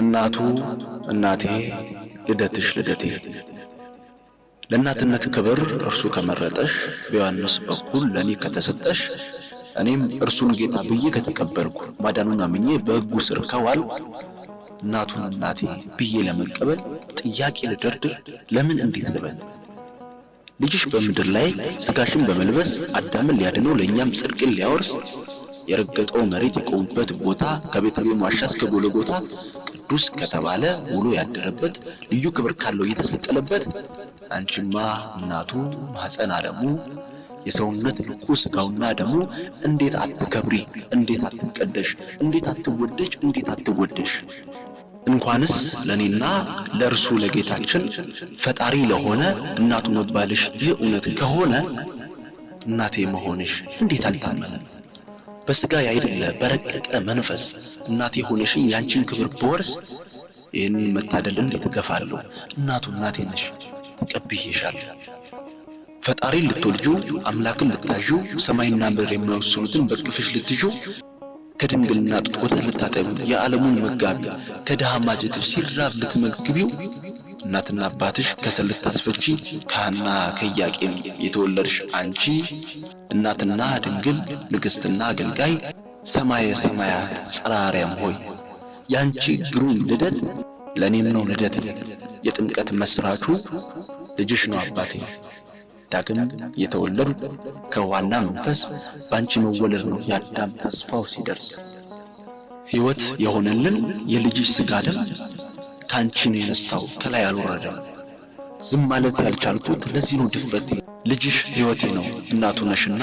እናቱ እናቴ፣ ልደትሽ ልደቴ። ለእናትነት ክብር እርሱ ከመረጠሽ፣ በዮሐንስ በኩል ለእኔ ከተሰጠሽ፣ እኔም እርሱን ጌታ ብዬ ከተቀበልኩ፣ ማዳኑን አምኜ በሕጉ ስር ከዋል እናቱን እናቴ ብዬ ለመቀበል ጥያቄ ልደርድር? ለምን እንዴት ልበል? ልጅሽ በምድር ላይ ስጋሽን በመልበስ አዳምን ሊያድነው ለእኛም ጽድቅን ሊያወርስ የረገጠው መሬት የቆሙበት ቦታ ከቤተልሔም ዋሻ እስከ ጎልጎታ ቅዱስ ከተባለ ውሎ ያደረበት ልዩ ክብር ካለው እየተሰቀለበት አንቺማ እናቱ ማኅፀን አለሙ የሰውነት ልኩ ስጋውና ደሙ እንዴት አትከብሪ? እንዴት አትቀደሽ? እንዴት አትወደጅ? እንዴት አትወደሽ? እንኳንስ ለኔና ለእርሱ ለጌታችን ፈጣሪ ለሆነ እናቱ መባልሽ ይህ እውነት ከሆነ እናቴ መሆንሽ እንዴት አልታመነም? በስጋ ያይደለ በረቀቀ መንፈስ እናቴ ሆነሽኝ ያንቺን ክብር ቦርስ ይህን መታደል እንዴት እገፋለሁ? እናቱ እናቴ ነሽ፣ ተቀብዬሻለሁ። ፈጣሪን ልትወልጁ አምላክን ልታዡ ሰማይና ምድር የማይወስኑትን በቅፍሽ ልትዡ ከድንግልና ጡት ወተት የዓለሙን መጋቢ ከድሃ ማጀትሽ ሲራብ ልትመግቢው እናትና አባትሽ ከእስር አስፈቺ ከሐና ከኢያቄም የተወለድሽ አንቺ እናትና ድንግል ንግሥትና አገልጋይ ሰማየ ሰማያት ጸራሪያም ሆይ ያንቺ ግሩም ልደት ለእኔም ነው ልደት። የጥምቀት መስራቹ ልጅሽ ነው አባቴ። ዳግም የተወለዱ ከዋና መንፈስ በአንቺ መወለድ ነው የአዳም ተስፋው ሲደርስ ሕይወት የሆነልን የልጅሽ ሥጋ ደም ከአንቺ የነሳው ከላይ አልወረደም። ዝም ማለት ያልቻልኩት ለዚህ ነው ድፍረቴ። ልጅሽ ሕይወቴ ነው እናቱ ነሽና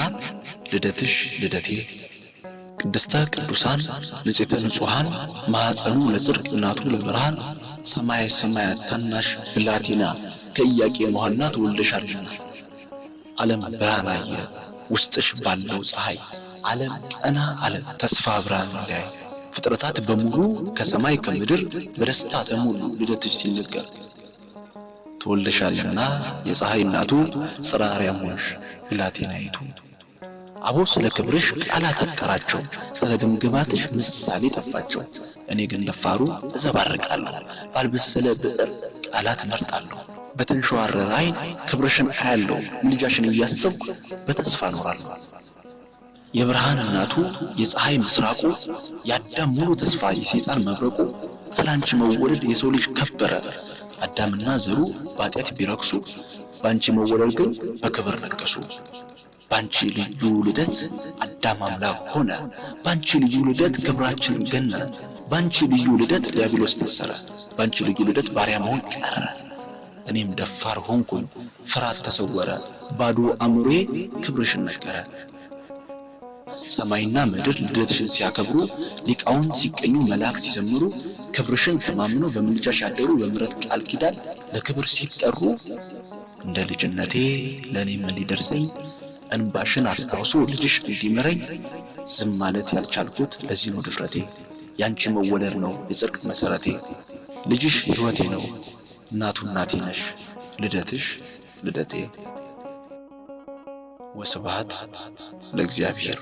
ልደትሽ ልደቴ። ቅድስተ ቅዱሳን ንጽሕተ ንጹሐን ማኅፀኑ ለጽድቅ እናቱ ለብርሃን ሰማየ ሰማያት ታናሽ ብላቴና ከኢያቄም ሐና ተወልደሻልና ዓለም ብርሃን አየ ውስጥሽ ባለው ፀሐይ ዓለም ቀና አለ ተስፋ ብርሃን ያይ ፍጥረታት በሙሉ ከሰማይ ከምድር በደስታ ተሞሉ። ልደትሽ ሲነገር ተወልደሻልና የፀሐይ እናቱ ጽርሐ አርያም ሆንሽ ብላቴናይቱ። አቦ ስለ ክብርሽ ቃላት አጠራቸው፣ ስለ ድምግባትሽ ምሳሌ ጠፋቸው። እኔ ግን ደፋሩ እዘባርቃለሁ፣ ባልበሰለ ብዕር ቃላት መርጣለሁ። በተንሸዋረረ ዓይን ክብርሽን አያለው፣ ምልጃሽን እያሰብኩ በተስፋ እኖራለሁ። የብርሃን እናቱ የፀሐይ ምስራቁ የአዳም ሙሉ ተስፋ የሰይጣን መብረቁ ስላንቺ መወለድ የሰው ልጅ ከበረ። አዳምና ዘሩ በኃጢአት ቢረክሱ ባንቺ መወለድ ግን በክብር ነገሱ። ባንቺ ልዩ ልደት አዳም አምላክ ሆነ። ባንቺ ልዩ ልደት ክብራችን ገነ ባንቺ ልዩ ልደት ዲያብሎስ ታሰረ። ባንቺ ልዩ ልደት ባሪያ መሆን ቀረ። እኔም ደፋር ሆንኩኝ፣ ፍርሃት ተሰወረ፣ ባዶ አእምሮዬ ክብርሽን ነገረ። ሰማይና ምድር ልደትሽን ሲያከብሩ ሊቃውን ሲቀኙ መላእክት ሲዘምሩ ክብርሽን ተማምነው በምልጃሽ ያደሩ በምሕረት ቃል ኪዳን ለክብር ሲጠሩ እንደ ልጅነቴ ለእኔ ምን ሊደርሰኝ እንባሽን አስታውሶ ልጅሽ እንዲምረኝ ዝም ማለት ያልቻልኩት ለዚህ ነው ድፍረቴ። ያንቺ መወለድ ነው የጽድቅ መሰረቴ። ልጅሽ ህይወቴ ነው እናቱ እናቴ ነሽ ልደትሽ ልደቴ። ወስብሐት ለእግዚአብሔር።